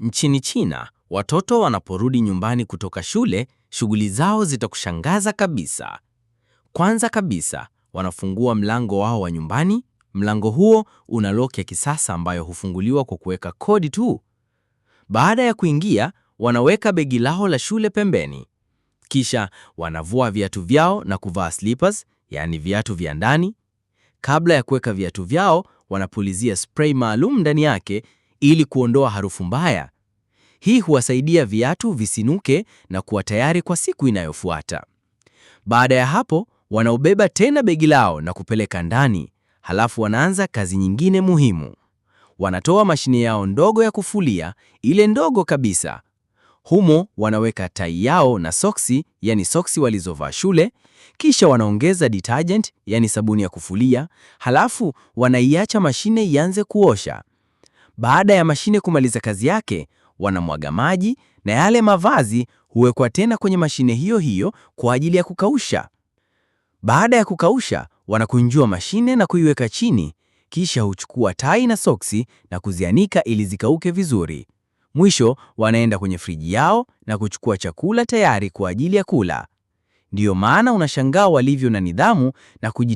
Nchini China, watoto wanaporudi nyumbani kutoka shule, shughuli zao zitakushangaza kabisa. Kwanza kabisa, wanafungua mlango wao wa nyumbani. Mlango huo una lock ya kisasa ambayo hufunguliwa kwa kuweka kodi tu. Baada ya kuingia, wanaweka begi lao la shule pembeni. Kisha wanavua viatu vyao na kuvaa slippers, yaani viatu vya ndani. Kabla ya kuweka viatu vyao, wanapulizia spray maalum ndani yake ili kuondoa harufu mbaya. Hii huwasaidia viatu visinuke na kuwa tayari kwa siku inayofuata. Baada ya hapo, wanaobeba tena begi lao na kupeleka ndani, halafu wanaanza kazi nyingine muhimu. Wanatoa mashine yao ndogo ya kufulia, ile ndogo kabisa. Humo wanaweka tai yao na soksi, yani soksi walizovaa shule, kisha wanaongeza detergent, yani sabuni ya kufulia, halafu wanaiacha mashine ianze kuosha. Baada ya mashine kumaliza kazi yake, wanamwaga maji na yale mavazi huwekwa tena kwenye mashine hiyo hiyo kwa ajili ya kukausha. Baada ya kukausha, wanakunjua mashine na kuiweka chini, kisha huchukua tai na soksi na kuzianika ili zikauke vizuri. Mwisho wanaenda kwenye friji yao na kuchukua chakula tayari kwa ajili ya kula. Ndiyo maana unashangaa walivyo na nidhamu na kuji